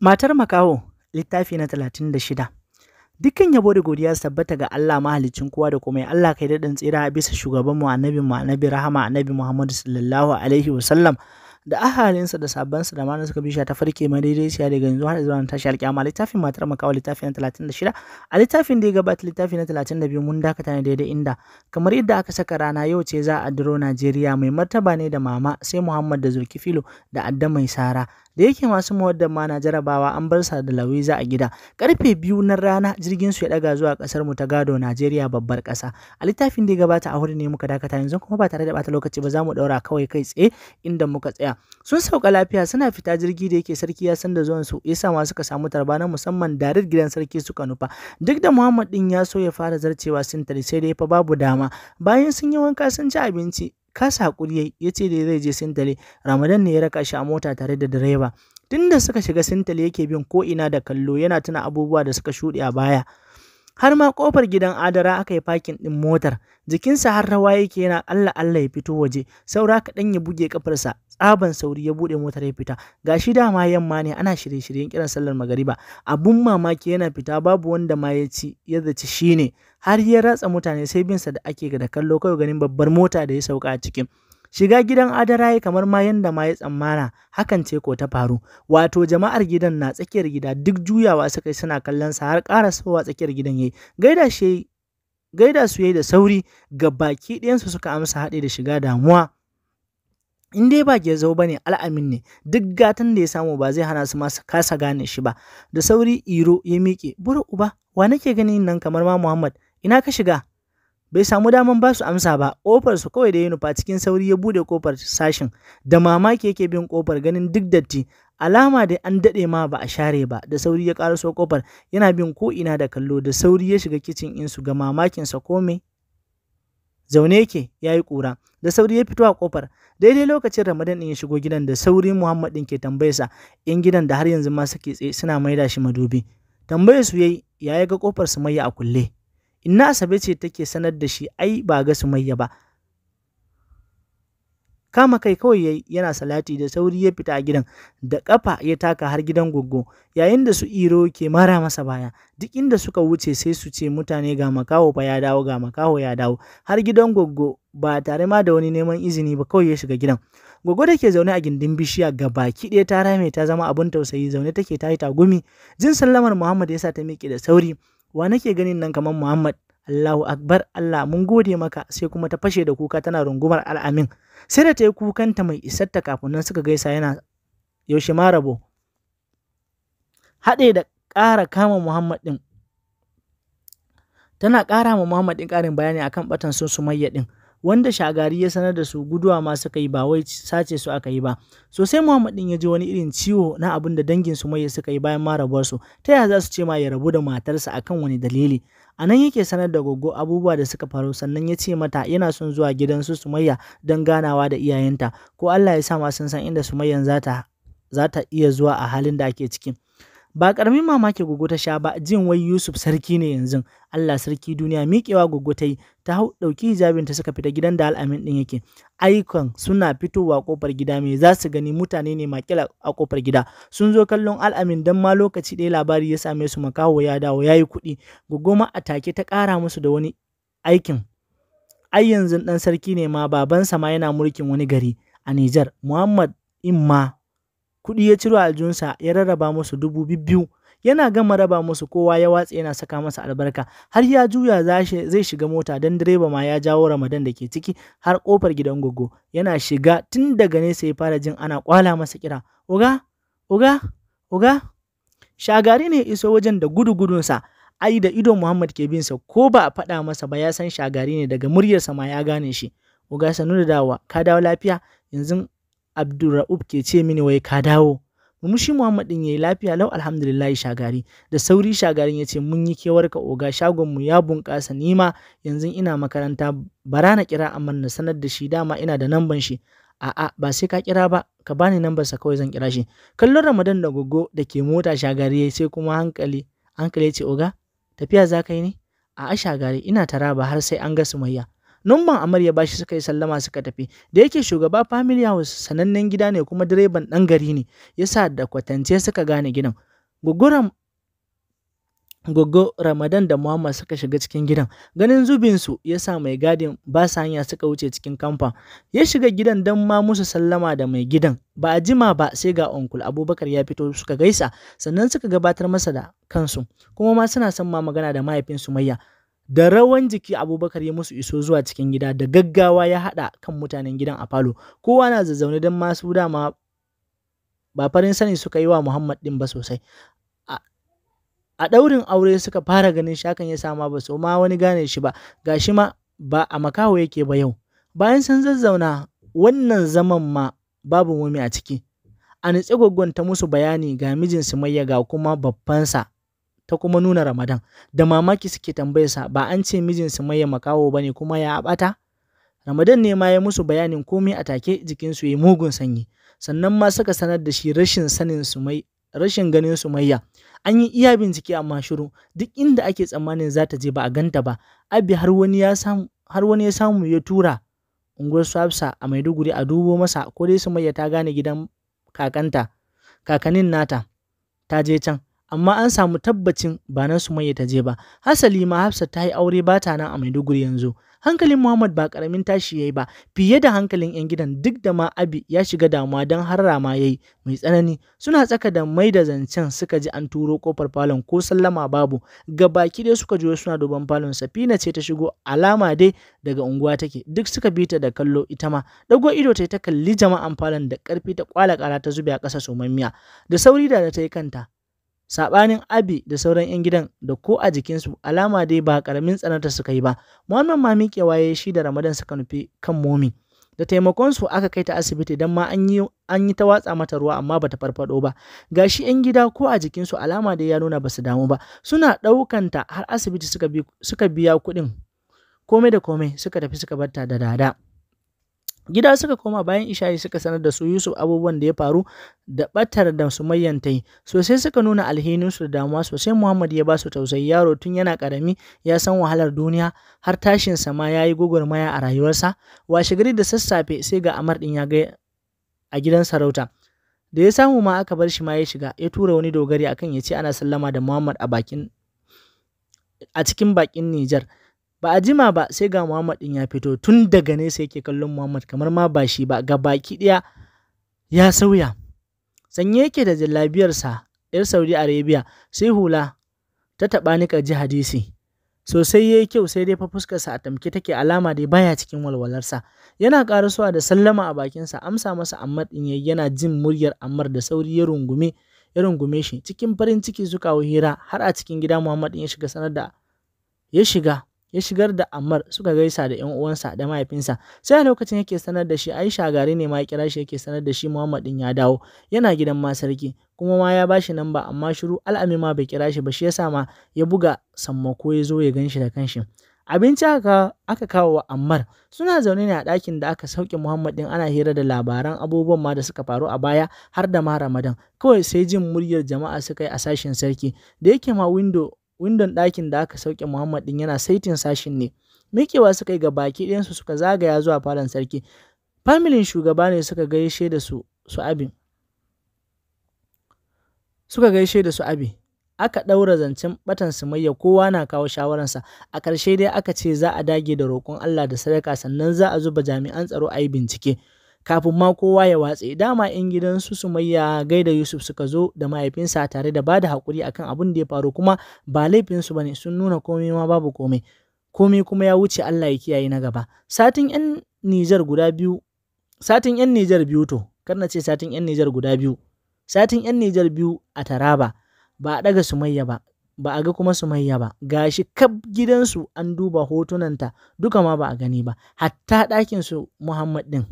Matar makaho littafi na talatin da shida. Dukkan yabo da godiya tabbata ga Allah mahaliccin kowa da kuma Allah kai daɗin tsira a bisa shugaban mu annabi mu annabi rahama annabi Muhammadu sallallahu alaihi wasallam da ahalinsa da sabbansa da mana suka bisha ta farke ma daidai siya daga yanzu har zuwa tashi alƙiyama littafin matar makawa littafi na 36 a littafin da ya gabata littafi na 32 mun dakata ne daidai inda kamar yadda aka saka rana yau ce za a duro Najeriya mai martaba ne da mama sai Muhammad da Zulkifilo da Adda mai Sara da yake masu muwaddan ma na jarabawa an bar sa da lawiza a gida karfe biyu na rana jirgin su ya daga zuwa kasar mu ta gado Najeriya babbar kasa a littafin da ya gabata a hurin ne muka dakata yanzu kuma ba tare da bata lokaci ba za mu daura kawai kai tsaye inda muka tsaya sun sauka lafiya suna fita jirgi da yake sarki ya san da zuwan su yasa ma suka samu tarba na musamman darir gidan sarki suka nufa duk da Muhammad din ya so ya fara zarcewa sintari sai dai fa babu dama bayan sun yi wanka sun ci abinci kasa hakuri ya ce da zai je sintali ramadan ne ya raka shi a mota tare da direba tunda suka shiga sintali yake bin ko ina da kallo yana tuna abubuwa da suka shuɗe a baya har ma kofar gidan adara aka yi fakin ɗin motar jikinsa har rawa yake yana allah allah ya fito waje saura kaɗan ya buge kafarsa tsaban sauri ya buɗe motar ya fita gashi dama yamma ne ana shirye-shiryen kiran sallar magariba abun mamaki yana fita babu wanda ma ya ci ya zaci shine har ya ratsa mutane sai bin sa da ake da kallo kawai ganin babbar mota da ya sauka a cikin shiga gidan adara ya kamar ma yanda ma ya tsammana hakan ce ko ta faru wato jama'ar gidan na tsakiyar gida duk juyawa suka yi suna kallon sa har karasowa tsakiyar gidan yayi gaida shi gaida su yayi da sauri ga baki su suka amsa haɗe da shiga damuwa in dai ba gezo ba ne al'amin ne duk gatan da ya samu ba zai hana su masa kasa gane shi ba da sauri iro ya miƙe buru uba wa nake ganin nan kamar ma muhammad ina ka shiga bai samu daman ba su amsa ba kofar su kawai da ya nufa cikin sauri ya bude kofar sashin da mamaki yake bin kofar ganin duk datti alama da an dade ma ba a share ba da sauri ya karaso kofar yana bin ko ina da kallo da sauri ya shiga kicin insu ga mamakinsa sa kome zaune yake yi kura da sauri ya fito a kofar daidai lokacin ramadan din ya shigo gidan da sauri muhammad din ke tambayarsa yan gidan da har yanzu ma suke tsaye suna maida shi madubi tambayar su yayi ya ga kofar sumayya a kulle inna asabe ce take sanar da shi ai ba ga sumayya ba kama kai kawai yayi yana salati da sauri ya fita a gidan da kafa ya taka har gidan goggo yayin da su iro ke mara masa baya duk inda suka wuce sai su ce mutane ga makaho fa ya dawo ga makaho ya dawo har gidan goggo ba tare ma da wani neman izini ba kawai ya shiga gidan Goggo da ke zaune a gindin bishiya ga baki ɗaya ta rame ta zama abin tausayi zaune take ta yi tagumi jin sallamar muhammad ya sa ta miƙe da sauri wa nake ganin nan kamar muhammad Allahu Akbar Allah mun gode maka sai kuma ta fashe da kuka tana rungumar al'amin sai da ta yi kukanta mai isarta kafin nan suka gaisa yana yaushe ma rabo haɗe da ƙara kama Muhammad ɗin tana ƙara ma Muhammad ɗin ƙarin bayani akan batan sun sumayya ɗin wanda shagari ya sanar da su guduwa ma suka yi ba wai sace su aka yi ba sosai muhammad din ya ji wani irin ciwo na abin da dangin su mai suka yi bayan ma rabuwar su ta yaya za su ce ma ya rabu da matarsa akan wani dalili anan yake sanar da goggo abubuwa da suka faru sannan ya ce mata yana son zuwa gidan su sumayya don ganawa da iyayenta ko allah ya sa ma sun san inda sumayyan za ta za ta iya zuwa a halin da ake ciki ba ƙaramin mamaki gogo ta sha ba jin wai Yusuf sarki ne yanzu Allah sarki duniya miƙewa gogo ta yi ta hau ɗauki hijabin ta suka fita gidan da al'amin ɗin yake aikon suna fitowa kofar gida me za su gani mutane ne makila a kofar gida sun zo kallon al'amin dan ma lokaci ɗaya labari ya same su makaho ya dawo ya yi kuɗi gogo ma a take ta ƙara musu da wani aikin ai yanzu ɗan sarki ne ma babansa ma yana mulkin wani gari a Nijar Muhammad Imma kuɗi ya ciro aljunsa ya rarraba musu dubu biyu yana gama raba musu kowa ya watse yana saka masa albarka har ya juya zai shiga mota dan direba ma ya jawo ramadan da ke ciki har kofar gidan gogo yana shiga tun daga nesa ya fara jin ana kwala masa kira oga oga oga shagari ne iso wajen da gudu sa ai da ido muhammad ke bin sa ko ba a faɗa masa ba ya san shagari ne daga muryarsa ma ya gane shi uga sanu da dawa ka dawo lafiya yanzu Abdurra'ub ke ce mini wai ka dawo. Mumushi Muhammad din yi lafiya lau alhamdulillahi shagari. Da sauri shagarin ya ce mun yi kewar ka oga shagon mu ya bunƙasa nima yanzu ina makaranta bara na kira amman na sanar da shi dama ina da namban shi. A'a ba sai ka kira ba ka bani nambar sa kawai zan kira shi. Kallon Ramadan da gogo da ke mota shagari sai kuma hankali hankali ya ce oga tafiya za ka yi ne? A'a shagari ina taraba har sai an ga Sumayya. numban amarya ba shi suka yi sallama suka tafi da yake shugaba family house sanannen gida ne kuma direban ɗan gari ne yasa da kwatance suka gane gidan guguran Goggo Ramadan da Muhammad suka shiga cikin gidan. Ganin zubin su yasa mai gadin ba sa hanya suka wuce cikin kamfa. Ya shiga gidan dan ma musu sallama da mai gidan. Ba a jima ba sai ga onkul Abubakar ya fito suka gaisa sannan suka gabatar masa da kansu. Kuma ma suna son ma magana da mahaifinsu mayya da rawan jiki abubakar ya musu iso zuwa cikin gida da gaggawa ya haɗa kan mutanen gidan a falo kowa na zazzaune don masu dama ba farin sani suka yi wa muhammad ɗin ba sosai a ɗaurin aure suka fara ganin shakan ya sama ba ma wani gane shi ba gashi ma ba a makaho yake ba yau bayan sun zazzauna wannan zaman ma babu mumi a ciki a nitsi gwaggon ta musu bayani ga mijinsu sumayya ga kuma babbansa ta kuma nuna Ramadan. Da mamaki suke sa ba an ce mijinsu mai ya makawo ba ne kuma ya bata? Ramadan ne ma ya musu bayanin komai a take jikinsu ya mugun sanyi. Sannan ma suka sanar da shi rashin sanin su mai rashin ganin Sumayya. An yi iya bincike amma shiru duk inda ake tsammanin za ta je ba a ganta ba. Abi har wani ya samu har wani ya samu ya tura unguwar Hafsa a Maiduguri a dubo masa ko dai Sumayya ta gane gidan kakanta kakanin nata ta je can. amma an samu tabbacin ba nan Sumayya ta je ba. Hasali ma Hafsat ta yi aure ba ta nan a Maiduguri yanzu. Hankalin Muhammad ba karamin tashi yayi ba, fiye da hankalin 'yan gidan duk da ma Abi ya shiga damuwa don har rama yayi mai tsanani. Suna tsaka da mai da zancen suka ji an turo kofar falon ko sallama babu. Ga baki dai suka juyo suna duban falon Safina ce ta shigo alama dai daga unguwa take. Duk suka bi ta da kallo ita ma. Dago ido ta ta kalli jama'an falon da karfi ta kwala kara ta zube a ƙasa somammiya. Da sauri da ta yi kanta saɓanin Abi da sauran 'yan gidan da ko a jikinsu alama dai ba karamin tsananta suka yi ba. Muhammad ma miƙewa ya shi da Ramadan suka nufi kan momi. Da taimakonsu aka kai ta asibiti don ma an yi, an yi ta watsa mata ruwa amma bata farfado ba. Gashi 'yan gida ko a jikinsu alama dai ya nuna basu damu ba. Suna ɗaukanta har asibiti suka, biya kuɗin komai da komai suka tafi suka barta da dada. Gida suka koma bayan Isha'i suka sanar da su Yusuf abubuwan da ya faru da batar da su ta yi. Sosai suka nuna su da damuwa sosai Muhammad ya ba su tausayi yaro tun yana karami ya san wahalar duniya har tashin sama ya yi gwagwarmaya a rayuwarsa. Washe gari da sassafe sai ga Amar din ya ga a gidan sarauta. Da ya samu ma aka bar shi ma ya shiga ya tura wani dogari akan ya ce ana sallama da Muhammad a bakin a cikin bakin Nijar. ba a jima ba sai ga Muhammad din ya fito tun daga nesa yake kallon Muhammad kamar ma ba shi ba ga baki ɗaya ya sauya sanye yake da jallabiyarsa yar Saudi Arabia sai hula ta taɓa niƙa ji hadisi sosai yayi kyau sai dai fa fuskarsa a tamke take alama dai baya cikin walwalarsa yana karasuwa da sallama a bakinsa amsa masa Ammar din yayi yana jin muryar Ammar da sauri ya rungume ya rungume shi cikin farin ciki suka hira har a cikin gida Muhammad din ya shiga sanar da ya shiga ya shigar da Ammar suka gaisa da ƴan uwansa da mahaifinsa sai a lokacin yake sanar da shi Aisha gari ne ma ya kira shi yake sanar da shi Muhammad din ya dawo yana gidan ma sarki kuma ma ya bashi namba amma shiru al'ami ma bai kira shi ba shi yasa ma ya buga sammako ya zo ya gan shi da kanshi abinci aka, aka kawo wa Ammar suna zaune ne a ɗakin da aka sauke Muhammad din ana hira da labaran abubuwan ma da suka faru a baya har da ma Ramadan kawai sai jin muryar jama'a suka yi a sashen sarki da yake ma window windon ɗakin da aka sauke Muhammad ɗin yana saitin sashin ne. Mikewa suka yi ga baki ɗayansu suka zagaya zuwa falon sarki. Familin shugaba ne suka gaishe da su su abin. Suka gaishe da su abin. Aka ɗaura zancen batan sumayya kowa na kawo shawararsa. A ƙarshe dai aka ce za a dage da roƙon Allah da sadaka sannan za a zuba jami'an tsaro a yi bincike. kafin ma kowa ya watse dama yan gidan su sumayya gaida yusuf suka zo da mahaifinsa tare da bada hakuri akan abin da ya faru kuma ba laifinsu su bane sun nuna komai ma babu komai komai kuma ya wuce Allah ya kiyaye na gaba satin yan Nijar guda biyu satin yan Nijar biyu to kar na ce satin yan Nijar guda biyu satin yan Nijar biyu a Taraba ba a daga sumayya ba ba a ga kuma sumayya ba gashi kab gidansu an duba hotunanta duka ma ba a gani ba hatta ɗakinsu muhammad ɗin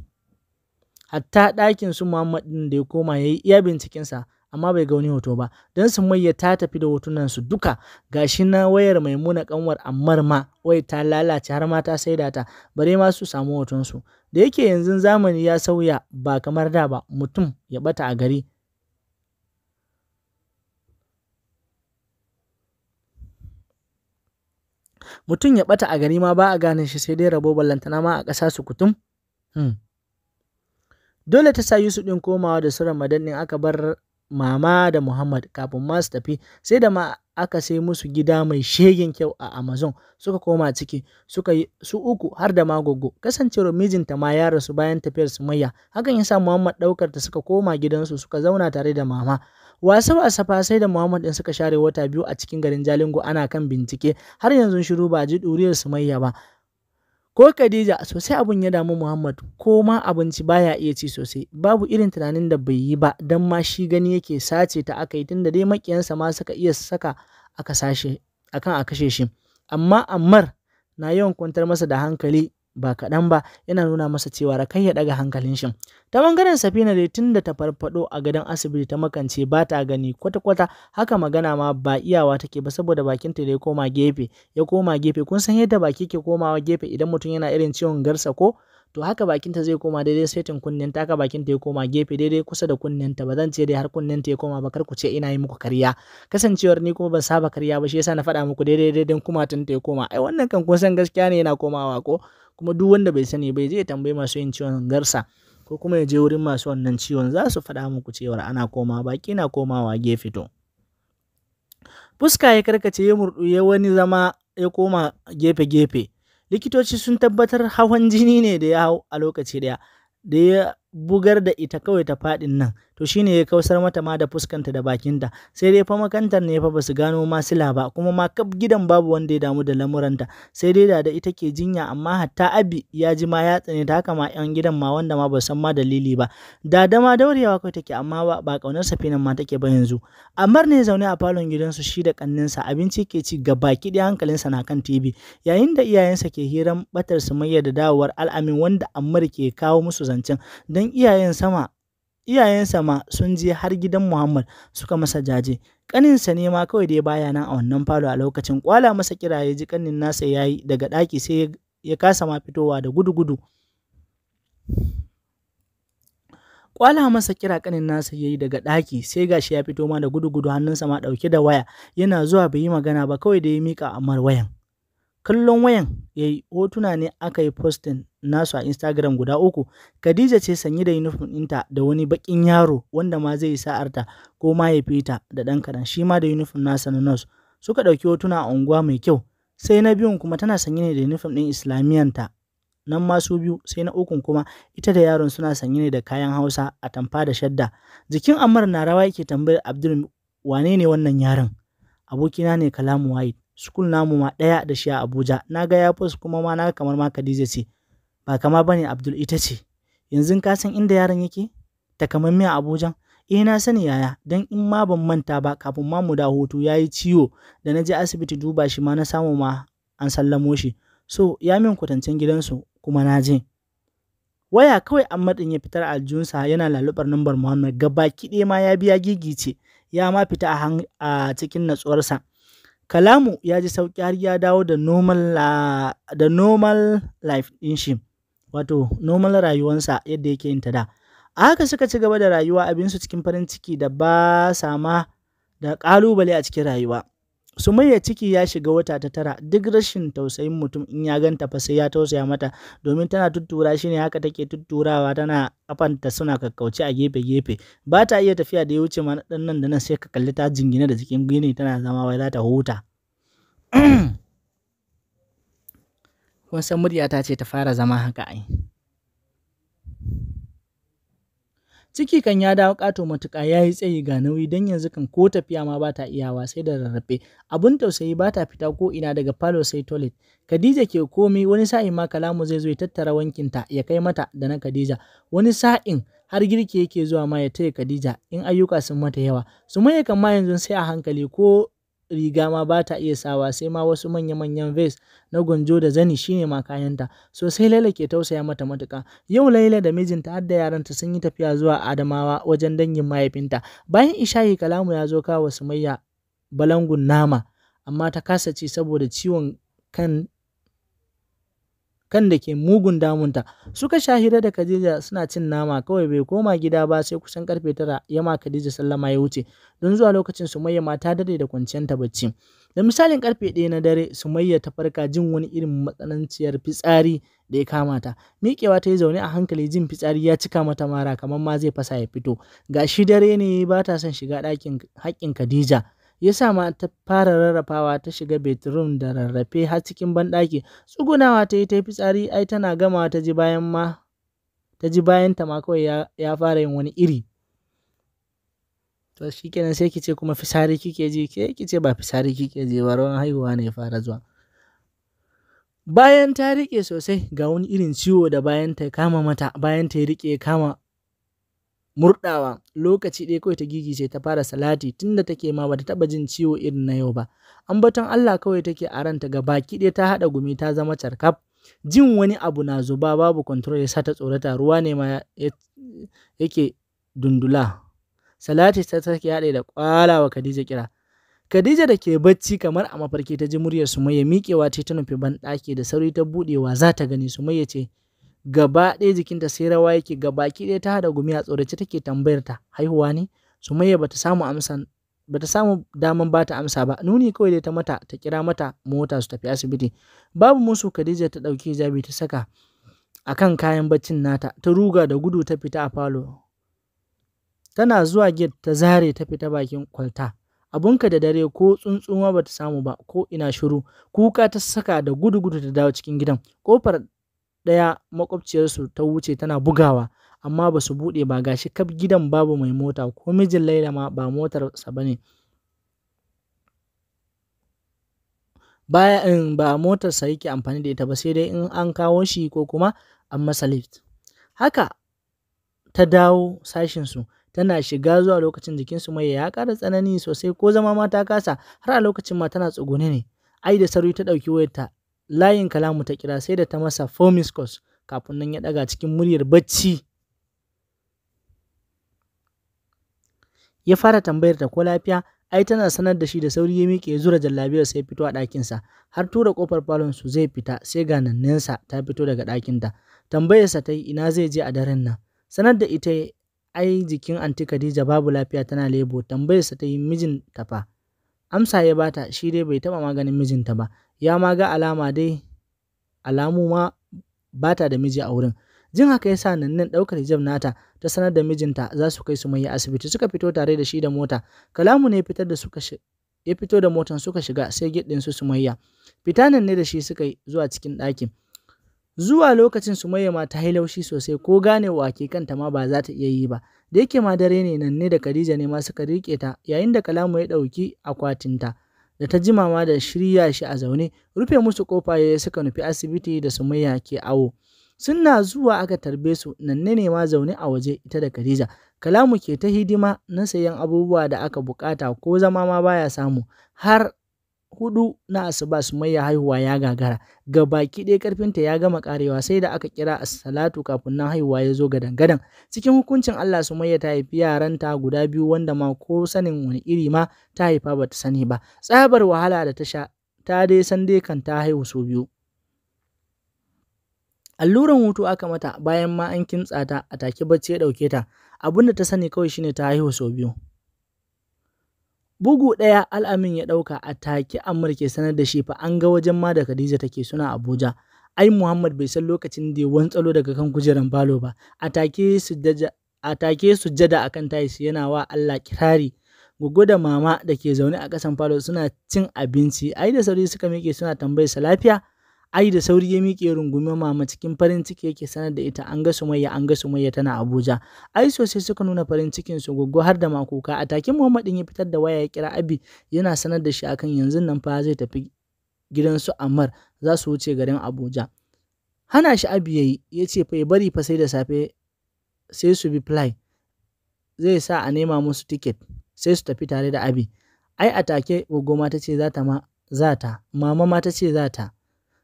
hatta ɗakin su Muhammad ɗin da ya koma ya yi iya bincikinsa amma bai ga wani hoto ba don su ya ta tafi da hotunan su duka gashi na wayar mai muna kanwar amma ma wai ta lalace har ma ta saida ta bare ma su samu hoton su da yake yanzu zamani ya sauya ba kamar da ba mutum ya bata a gari mutum ya bata a gari ma ba a gane shi sai dai rabo ballantana ma a ƙasa su kutum hmm. Dole ta sa Yusuf ɗin komawa da su Ramadan ɗin aka bar mama da Muhammad kafin masu su tafi sai da ma aka sai musu gida mai shegin kyau a Amazon suka koma ciki suka yi su uku har da magogo kasancewar mijinta ma ya rasu bayan tafiyar Sumayya hakan yasa Muhammad daukar ta suka koma gidansu suka zauna tare da mama Wasu asafa, sai da Muhammad din suka share wata biyu a cikin garin Jalingo ana kan bincike har yanzu shiru ba ji duriyar Sumayya ba ko Khadija sosai abun ya damu Muhammad ko ma abinci baya iya ci sosai babu irin tunanin da bai yi ba dan ma shi gani yake sace ta aka yi tunda dai makiyansa ma suka iya saka aka sashe akan a kashe shi amma Ammar na yawan kwantar masa da hankali ba kaɗan ba yana nuna masa cewa rakai ya ɗaga hankalin shi ta bangaren safina dai tun da ta farfado a gadon asibiti ta makance ba ta gani kwata-kwata haka magana ma ba iyawa take ba saboda bakin ta da ya koma gefe ya koma gefe kun san yadda baki ke komawa gefe idan mutum yana irin ciwon garsa ko to haka bakinta zai koma daidai saitin kunnen ta haka bakinta ya koma gefe daidai kusa da kunnen ta ba zan ce dai har kunnen ta ya koma ba kar ku ce ina yi muku karya kasancewar ni kuma ban saba karya ba shi yasa na faɗa muku daidai daidai tun ta ya koma ai wannan kan kun san gaskiya ne yana komawa ko kuma duk wanda bai sani bai je ya tambayi masu yin ciwon garsa ko kuma ya je wurin masu wannan ciwon za su faɗa muku cewar ana koma baki na komawa gefe to fuska ya karkace ya murɗu ya wani zama ya koma gefe gefe likitoci sun tabbatar hawan jini ne da ya hau a lokaci daya da ya bugar da ita kawai ta faɗin nan to shine ya kausar mata ma da fuskanta da bakinta sai dai fa makantar ne fa ba su gano ma sila ba kuma ma kaf gidan babu wanda ya damu da lamuranta sai dai da ita ke jinya amma hatta abi ya ji ma ya tsane ta haka ma yan gidan ma wanda ma ba san ma dalili ba Dada ma daurewa kai take amma ba kaunar finan ma take ba yanzu amar ne zaune a falon gidansu shi da kanninsa abinci ke ci gaba hankalin hankalinsa na kan tv yayin da iyayensa ke hiran batar sumayya da dawowar al'amin wanda amar ke kawo musu zancen don iyayen sama Iyayensa ma sun je har gidan Muhammad suka masa jaje, ƙaninsa ne ma kawai dai baya nan a wannan falo a lokacin kwala masa kira ya ji kanin nasa ya yi daga ɗaki sai ya kasa ma fitowa da gudu-gudu. Kwala masa kira kanin nasa ya yi daga ɗaki sai gashi ya fito ma da gudu-gudu hannunsa ma ɗauke da waya yana zuwa bai yi magana ba kawai da ya miƙa amar wayan. Kallon wayan ya yi, hotuna ne aka yi postin nasu a Instagram guda uku. Khadija ce sanye da yunifom ɗinta da wani baƙin yaro wanda ma zai yi sa'arta ko ma ya fita da ɗan kaɗan shi ma da yunifom nasa na nurse. Suka ɗauki hotuna a unguwa mai kyau. Sai na biyun kuma tana sanye ne da yunifom ɗin Islamiyanta. Nan ma su biyu sai na ukun kuma ita da yaron suna sanye ne da kayan Hausa a tamfa da shadda. Jikin Ammar na rawa yake tambayar Abdul wane ne wannan yaron? Abokina ne Kalamu Wahid. sukul namu ma ɗaya da shi a Abuja na ga ya post kuma ma na kamar ma Khadija ce ba kama bane Abdul ita ce yanzu ka san inda yaron yake kamar a Abuja eh na sani yaya dan in ma ban manta ba kafin ma mu da ya yayi ciwo da na je asibiti duba shi ma na samu ma an sallamo shi so ya min kwatancen gidansu kuma na je waya kawai ahmadin ya fitar aljunsa yana lalubar nambar Muhammad gaba kide ma ya biya gigice ya ma fita a cikin natsuwarsa Kalamu ya ji sauƙi har ya dawo ah, da normal life ɗin shi, wato normal rayuwansa yadda yake yin ta da. A haka suka ci gaba da rayuwa abin su cikin farin ciki da ba sa ma da ƙalubale a cikin rayuwa. su Sumayya ciki ya shiga wata ta tara duk rashin tausayin mutum in ya ganta fa sai ya tausaya mata domin tana tuttura shi ne haka take tutturawa tana kafanta suna kakkauce a gefe gefe ba ta iya tafiya da ya wuce mana dan nan da nan sai ka kalli ta jingina da cikin gini tana zama wai za ta huta kun san murya ta ce ta fara zama haka ai Ciki kan ya dawo ƙato matuƙa ya yi tsayi ga nauyi don yanzu kan ko tafiya ma ba ta iyawa sai da rarrafe. Abun tausayi ba ta fita ko ina daga falo sai toilet. Khadija ke komi wani sa'in ma kalamu zai zo ya tattara wankinta ya kai mata da na Khadija. Wani sa'in har girki yake zuwa ma ya taya Khadija in ayyuka sun mata yawa. Su kan ma yanzu sai a hankali ko riga ma ba ta iya sawa sai ma wasu manya manyan vest na gwanjo da zani shine ma kayanta so sai Laila ke tausaya mata matuka yau Laila da mijinta har da yaranta sun yi tafiya zuwa Adamawa wajen dangin mahaifinta bayan Ishayi Kalamu ya zo kawo Sumayya balangun nama amma ta kasa ci saboda ciwon kan kan da ke mugun damunta suka shahira da Khadija suna cin nama kawai bai koma gida ba sai kusan karfe tara yama Khadija sallama ya wuce don zuwa lokacin Sumayya ma ta dade da kwanciyar ta bacci da misalin karfe ɗaya na dare Sumayya ta farka jin wani irin matsananciyar fitsari da ya kama ta miƙewa ta yi zaune a hankali jin fitsari ya cika mata mara kamar ma zai fasa ya fito Ga shi dare ne ba ta son shiga ɗakin haƙƙin Khadija ya sa ma ta fara rarrafawa ta shiga bedroom da rarrafe har cikin banɗaki tsugunawa ta yi ta yi fitsari ai tana gamawa ta ji bayan ma ta ji bayan ta ma kawai ya, fara yin wani iri to shi kenan sai kice kuma fitsari kike ji ke kice ba fitsari kike ji ba ruwan haihuwa ne ya fara zuwa bayan ta riƙe sosai ga wani irin ciwo da bayan ta kama mata bayan ta riƙe kama murɗawa lokaci ɗaya kawai ta gigice ta fara salati tunda take ma bata taba jin ciwo irin na yau ba An ambaton Allah kawai take a ranta ga baki ɗaya ta haɗa gumi ta zama carkaf jin wani abu na zuba babu control ya sa ta tsorata ruwa ne ma yake dundula salati ta take haɗe da kwalawa Khadija kira Khadija da ke bacci kamar a mafarki ta ji muryar Sumayya miƙewa ce ta nufi banɗaki da sauri ta buɗewa za ta gani Sumayya ce gaba ɗaya jikinta sai rawa yake gabaki ɗaya ta hada gumi a tsorace take tambayar ta haihuwa ne sumayya bata samu amsan bata samu daman bata amsa ba nuni kawai dai ta mata ta kira mata mota su tafi asibiti babu musu Khadija ta ɗauki jabi ta saka kan kayan baccin nata ta ruga da gudu ta fita a falo tana zuwa gate ta zare ta fita bakin kwalta abunka da dare ko tsuntsuma bata samu ba ko ina shiru kuka ta saka da gudu gudu ta dawo cikin gidan kofar ɗaya makwabciyarsu ta wuce tana bugawa amma ba su buɗe ba gashi kaf gidan babu mai mota ko mijin laila ma ba motarsa ba ne baya in eh, ba motarsa yake amfani da ita ba sai dai in an kawo shi ko kuma an masa lift haka ta dawo sashinsu tana shiga zuwa lokacin jikin su mai ya ƙara tsanani sosai ko zama mata kasa har a lokacin ma tana tsugune ne ai da sauri ta ɗauki wayarta layin kalamu ta kira sai da ta masa fomiskos kafin nan ya ɗaga cikin muryar bacci ya fara tambayar ta ko lafiya ai tana sanar da shi da sauri ya miƙe zura jallabiyar sai fito a ɗakinsa har tura ƙofar falon su zai fita sai ga nannensa ta fito daga ɗakinta tambayarsa ta ina zai je a daren nan sanar da ita ai jikin anti Khadija babu lafiya tana lebo tambayarsa ta yi mijin ta fa amsa ya bata shi dai bai taba maganin mijinta ba ya ma ga alama dai alamu ma ba ta da miji a wurin jin haka yasa nan ɗaukar hijab nata ta sanar da mijinta za su kai su mai asibiti suka fito tare da shi da mota kalamu ne fitar da suka ya fito da motan suka shiga sai gidin su sumayya fita nan ne da shi suka yi zuwa cikin ɗakin zuwa lokacin sumayya ma ta laushi sosai ko gane wake kanta ma ba za ta iya yi ba da yake ma dare ne nan ne da khadija ne ma suka rike ta yayin da kalamu ya ɗauki akwatinta da ta jimama da shirya shi a zaune rufe musu kofa ya suka nufi asibiti da su sumayya ke awo suna zuwa aka tarbe su nanne ne ma zaune a waje ita da Khadija kalamu ke ta hidima na sayan abubuwa da aka bukata ko zama ma baya samu har hudu na asuba ya haihuwa ya gagara ga baki ɗaya karfinta ya gama karewa sai da aka kira a salatu kafin nan haihuwa ya zo gadan gadan cikin hukuncin Allah su ya ta haifi yaran ta guda biyu wanda ma ko sanin wani iri ma ta haifa ba ta sani ba tsabar wahala da ta sha ta dai san dai kan ta haihu sau biyu alluran hutu aka mata bayan ma an kintsa ta a take bacci ya dauke ta abinda ta sani kawai shine ta haihu sau biyu Bugu ɗaya al'amin ya ɗauka a take a ke sanar da shi fa an ga wajen ma da Khadija take suna Abuja. Ai Muhammad bai san lokacin da ya tsalo daga kan kujeran falo ba. A take sujjada a kan tayis yana wa Allah kirari. Gugu da mama da ke zaune a kasan falo suna cin abinci. Ai da sauri suka miƙe suna tambayar sa lafiya. Ai da sauri ya miƙe ya rungume mama cikin farin ciki yake sanar da ita an ga Sumayya an ga Sumayya tana Abuja. Ai sosai suka nuna farin cikin su goggo har da makoka. A takin Muhammad ya fitar da waya ya kira Abi yana sanar da shi akan yanzu nan fa zai tafi gidan su Ammar za su wuce garin Abuja. Hana shi Abi yayi ya ce fa ya bari fa sai da safe sai su bi fly. Zai sa a nema musu tiket sai su tafi tare da Abi. Ai a take goggo ma ta ce za ta ma za ta, mama ma ta ce za ta.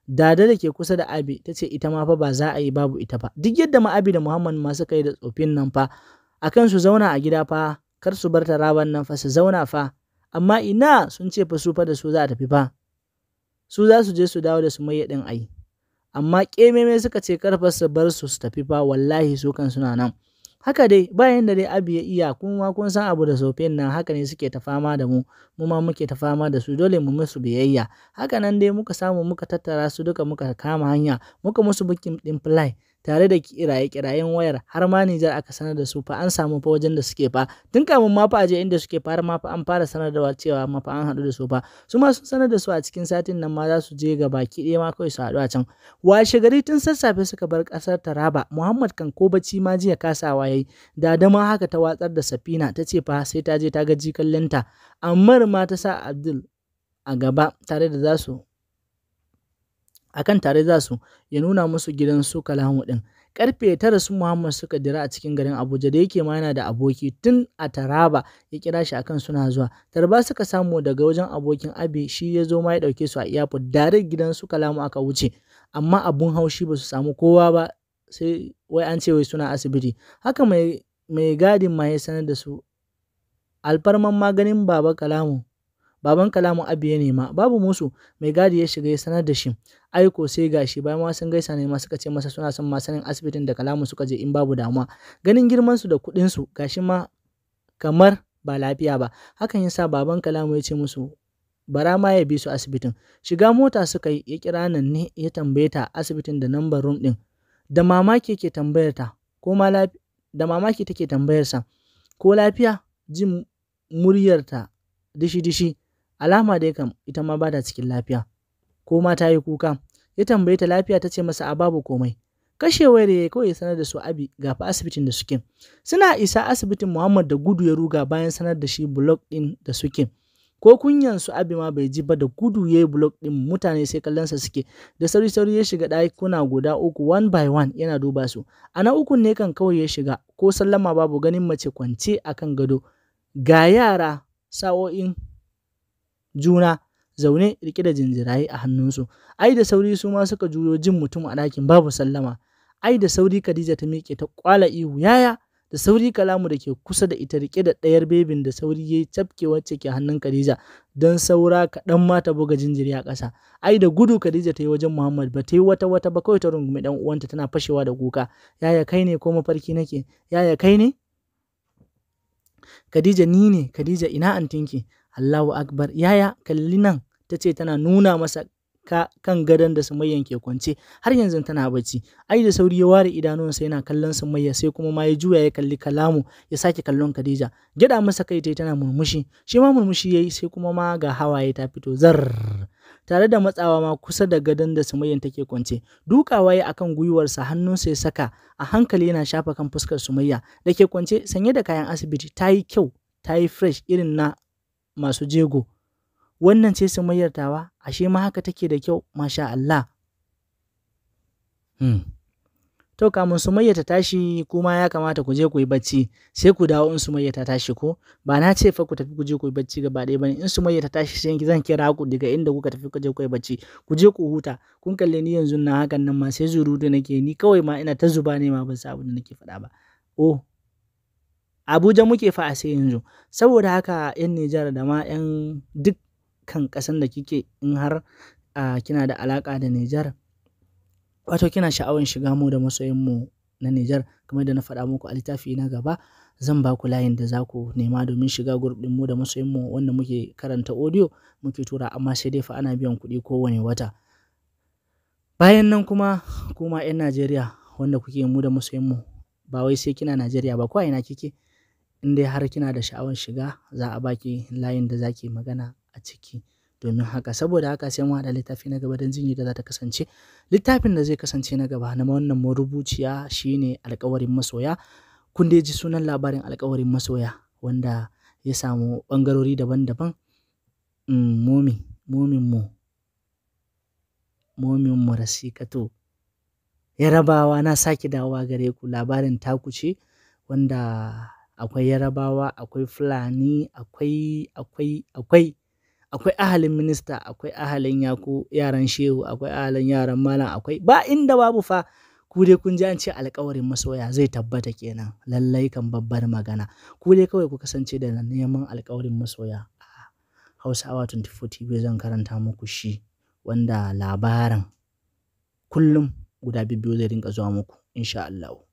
Dada da ke kusa da Abi ta ce ita ma fa ba za a yi babu ita ba, Duk yadda ma Abi da Muhammad ma suka yi da tsofin nan fa akan su zauna a gida fa kar su bar taraban nan fa su zauna fa amma ina sun ce fa su fa da su za a tafi fa. Su za su je su dawo da su mai yaɗin ayi, Amma ƙememe suka ce kar fa su bar su su tafi fa wallahi su kan suna nan. haka dai bayan da dai abu ya iya kuma kun san abu da sofiyan nan haka ne suke ta fama da mu mu ma muke ta fama da su dole mu musu biyayya haka nan dai muka samu muka tattara su duka muka kama hanya muka musu bukin din fly tare da kiraye-kirayen wayar har ma Nijar aka sanar da su fa an samu fa wajen da suke fa tun kamun ma fa aje inda suke har ma fa an fara sanar da cewa ma fa an haɗu da su fa su ma sun sanar da su a cikin satin nan ma za su je ga baki ɗaya ma kawai su haɗu a can washe gari tun sassafe suka bar ƙasar Taraba Muhammad kan ko bacci ma jiya kasawa yayi da dama haka ta watsar da Safina ta ce fa sai ta je ta ga jikallinta. Ammar ma ta sa Abdul a gaba tare da za akan tare za su ya nuna musu gidan su kalamu ɗin karfe tara su muhammad suka dira a cikin garin abuja da yake ma yana da aboki tun a taraba ya kira shi akan suna zuwa tarba suka samu daga wajen abokin abi shi ya zo ma ya ɗauke su a airport dare gidan su kalamu aka wuce amma abun haushi ba su samu kowa ba sai wai an ce wai suna asibiti haka mai mai gadin ma ya sanar da su alfarman maganin baba kalamu baban kalamin abi ya nema babu musu mai gadi ya shiga ya sanar da shi aiko sai gashi bayan ma sun gaisa ne ma suka ce masa suna son ma sanin asibitin da kalamu suka je in babu damuwa ganin girman su da kuɗin su gashi ma kamar ba lafiya ba hakan yasa baban kalamu ya ce musu bara ma ya bi su asibitin shiga mota suka yi ya kira nan ne ya tambaye ta asibitin da number room din da mamaki yake tambayar ta ko ma da mamaki take tambayar sa ko lafiya jin muryarta dishi-dishi Alama dai kam ita ma bata cikin lafiya, ko ma ta yi kuka. Ya tambaye ta lafiya ta ce masa a babu komai. kashe wayar ya kawai sanar da su abi ga fa asibitin da suke. Suna isa asibitin Muhammad da gudu ya ruga bayan sanar da shi blog din da suke. Ko kunyan su abi ma bai ji ba da gudu ya yi blog ɗin mutane sai kallon sa suke. Da sauri sauri ya shiga ɗakuna guda uku one by one yana duba su. A na ne kan kawai ya shiga ko sallama babu ganin mace kwance akan gado. Ga yara sa'o'in juna zaune riƙe da jinjirayi a hannunsu ai da sauri su ma suka juyo jin mutum a ɗakin babu sallama ai da sauri Khadija ta miƙe ta kwala ihu yaya da sauri kalamu da ke kusa da ita rike da ɗayar bebin da sauri ya yi cafke wacce ke hannun Khadija don saura kaɗan ma ta buga jinjiri a ƙasa. Ai da gudu Khadija ta yi wajen Muhammad ba ta yi wata wata ba kawai ta rungumi ɗan uwanta tana fashewa da kuka. Yaya kai ne ko mafarki nake? Yaya kai ne? Khadija ni ne, Khadija ina antinki? Allahu Akbar, yaya kalli nan, ta ce tana nuna masa ka kan gadon da Sumayyan ke kwance har yanzu tana bacci ai da sauri ya ware idanunsa yana kallon Sumayya sai kuma ma ya juya ya kalli Kalamu ya sake kallon Khadija gida masa kai tai tana murmushi shi ma murmushi yayi sai kuma ma ga hawaye ta fito zar tare da matsawa ma kusa da gadon da Sumayyan take kwance dukawa ya akan gwiwarsa hannunsa ya saka a hankali yana shafa kan fuskar Sumayya da ke kwance sanye da kayan asibiti tayi kyau tayi fresh irin na masu jego wannan ce sumayyar tawa ashe ma haka take da kyau masha Allah hmm. to kamun sumayya ta tashi kuma ya kamata ku je ku yi bacci sai ku dawo in sumayya ta tashi ko ba na ce fa ku tafi ku je ku yi bacci gaba ɗaya bane in sumayya ta tashi sai zan kira ku daga inda kuka tafi ku je ku yi bacci ku je ku huta kun kalle ni yanzu na hakan nan ma sai da nake ni kawai ma ina ta zuba ne ma ban sa abin da nake faɗa ba oh abuja muke fa a sai yanzu saboda haka yan nijar da ma yan dukkan ƙasan da kike in har kina da alaka da nijar wato kina sha'awar shiga mu da masoyinmu na nijar kamar da na faɗa muku a littafi na gaba zan ba ku layin da za ku nema domin shiga group mu da masoyinmu wanda muke karanta audio muke tura amma sai dai fa ana biyan kuɗi kowane wata bayan nan kuma kuma 'yan najeriya wanda kuke mu da masoyinmu ba wai sai kina najeriya ba ko ina kike in dai har kina da sha'awar shiga za a baki layin da zaki magana a ciki domin haka saboda haka sai mu haɗa littafi na gaba don jinyi da za ta kasance littafin da zai kasance na gaba na wannan marubuciya shine alkawarin masoya kun dai ji sunan labarin alkawarin masoya wanda ya samu ɓangarori daban-daban mm, momi momin mu momin mu rasikato yarabawa na sake dawowa gare ku labarin taku ce wanda akwai Yarabawa, akwai Fulani, akwai, akwai, akwai, akwai ahalin minista, akwai ahalin yaku, yaran shehu, akwai ahalin yaran malam, akwai ba inda babu fa ku dai kun ji an ce alkawarin masoya zai tabbata kenan lallai kan babbar magana ku dai kawai ku kasance da neman alƙawarin masoya a Hausawa 24 TV zan karanta muku shi wanda labarin kullum guda biyu zai rinka zuwa muku insha Allah